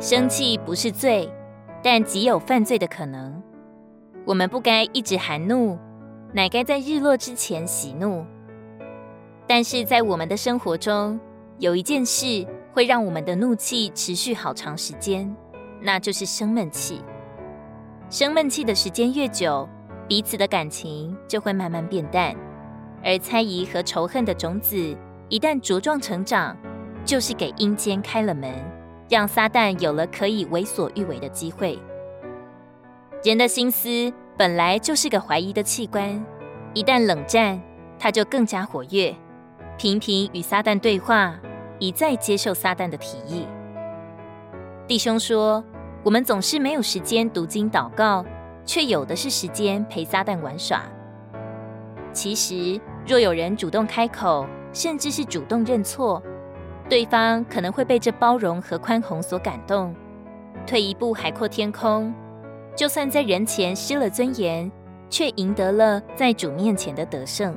生氣不是罪，但極有犯罪的可能。我們不該一直含怒，乃該在日落之前息怒。但是在我們的生活中，有一件事會讓我們的怒氣持續好長時間，那就是生悶氣。生悶氣的時間越久，彼此的感情就會慢慢變淡，而猜疑和仇恨的種子一旦茁壯成長。就是給陰間開了門，讓撒旦有了可以為所欲為的機會。人的心思本來就是個懷疑的器官，一旦冷戰，他就更加活躍，頻頻與撒旦對話，一再接受撒旦的提議。弟兄說：“我們總是沒有時間讀經禱告，卻有的是時間陪撒旦玩耍。”其實，若有人主動開口，甚至是主動認錯。對方可能會被這包容和寬宏所感動，退一步海闊天空。就算在人前失了尊嚴，卻贏得了在主面前的得勝。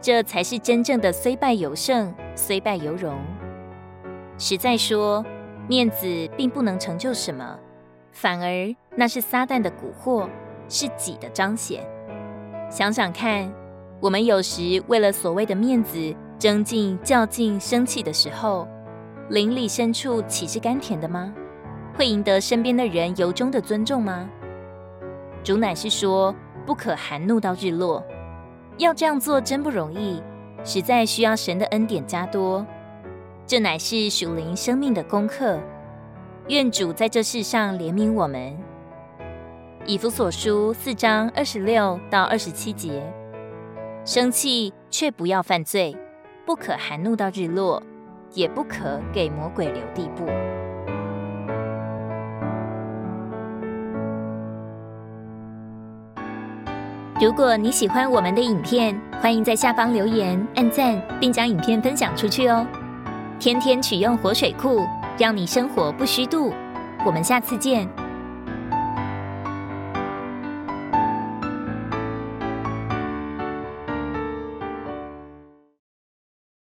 這才是真正的雖敗猶勝，雖敗猶榮。實在說，面子並不能成就什麼，反而那是撒旦的蠱惑，是己的彰顯。想想看，我們有時為了所謂的面子。爭競、較勁、生氣的時候，靈裡深處豈是甘甜的嗎？會贏得身邊的人由衷的尊重嗎？主乃是說，不可含怒到日落。要這樣做真不容易，實在需要神的恩典加多。這乃是屬靈生命的功課。願主在這世上憐憫我們。以弗所書四章二十六到二十七節：生氣卻不要犯罪。不可含怒到日落，也不可給魔鬼留地步。如果你喜歡我們的影片，歡迎在下方留言、按讚，並將影片分享出去哦。天天取用活水庫，讓你生活不虛度。我們下次見。